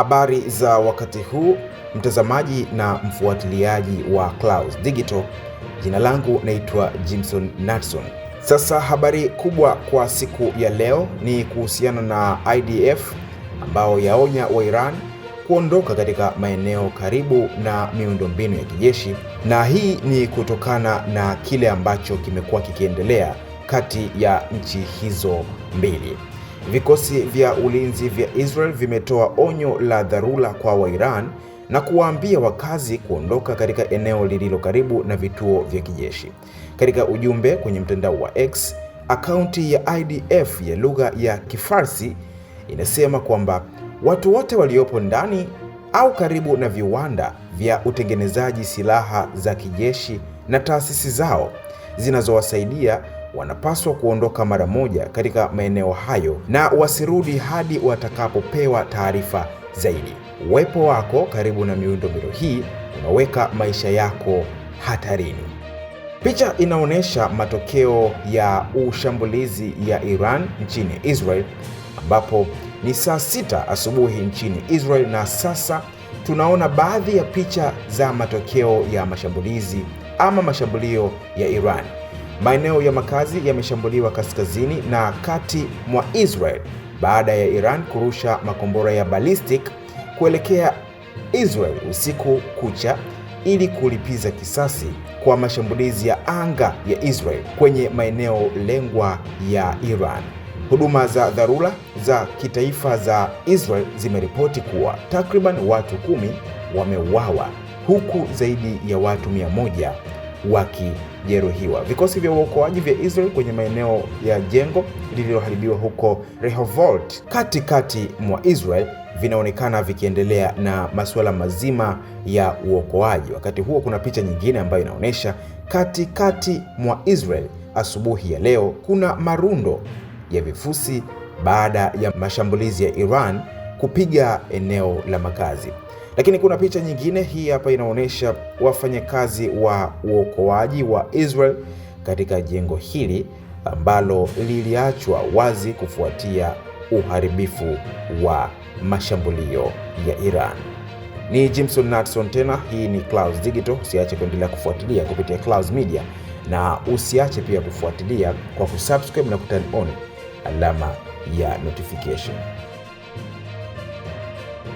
Habari za wakati huu mtazamaji na mfuatiliaji wa Clouds Digital. Jina langu naitwa Jimson Natson. Sasa habari kubwa kwa siku ya leo ni kuhusiana na IDF ambao yaonya wa Iran kuondoka katika maeneo karibu na miundombinu ya kijeshi, na hii ni kutokana na kile ambacho kimekuwa kikiendelea kati ya nchi hizo mbili. Vikosi vya ulinzi vya Israel vimetoa onyo la dharura kwa Wairan na kuwaambia wakazi kuondoka katika eneo lililo karibu na vituo vya kijeshi. Katika ujumbe kwenye mtandao wa X, akaunti ya IDF ya lugha ya Kifarsi inasema kwamba watu wote waliopo ndani au karibu na viwanda vya utengenezaji silaha za kijeshi na taasisi zao zinazowasaidia wanapaswa kuondoka mara moja katika maeneo hayo na wasirudi hadi watakapopewa taarifa zaidi. Uwepo wako karibu na miundombinu hii unaweka maisha yako hatarini. Picha inaonyesha matokeo ya ushambulizi ya Iran nchini Israel ambapo ni saa sita asubuhi nchini Israel, na sasa tunaona baadhi ya picha za matokeo ya mashambulizi ama mashambulio ya Iran. Maeneo ya makazi yameshambuliwa kaskazini na kati mwa Israel baada ya Iran kurusha makombora ya ballistic kuelekea Israel usiku kucha ili kulipiza kisasi kwa mashambulizi ya anga ya Israel kwenye maeneo lengwa ya Iran. Huduma za dharura za kitaifa za Israel zimeripoti kuwa takriban watu kumi wameuawa huku zaidi ya watu mia moja wakijeruhiwa. Vikosi vya uokoaji vya Israel kwenye maeneo ya jengo lililoharibiwa huko Rehovot, katikati mwa Israel vinaonekana vikiendelea na masuala mazima ya uokoaji. Wakati huo kuna picha nyingine ambayo inaonyesha katikati mwa Israel asubuhi ya leo kuna marundo ya vifusi baada ya mashambulizi ya Iran kupiga eneo la makazi. Lakini kuna picha nyingine, hii hapa inaonyesha wafanyakazi wa uokoaji wa Israel katika jengo hili ambalo liliachwa wazi kufuatia uharibifu wa mashambulio ya Iran. Ni Jimson Natson tena, hii ni Clouds Digital. Usiache kuendelea kufuatilia kupitia Clouds Media na usiache pia kufuatilia kwa kusubscribe na kuturn on alama ya notification.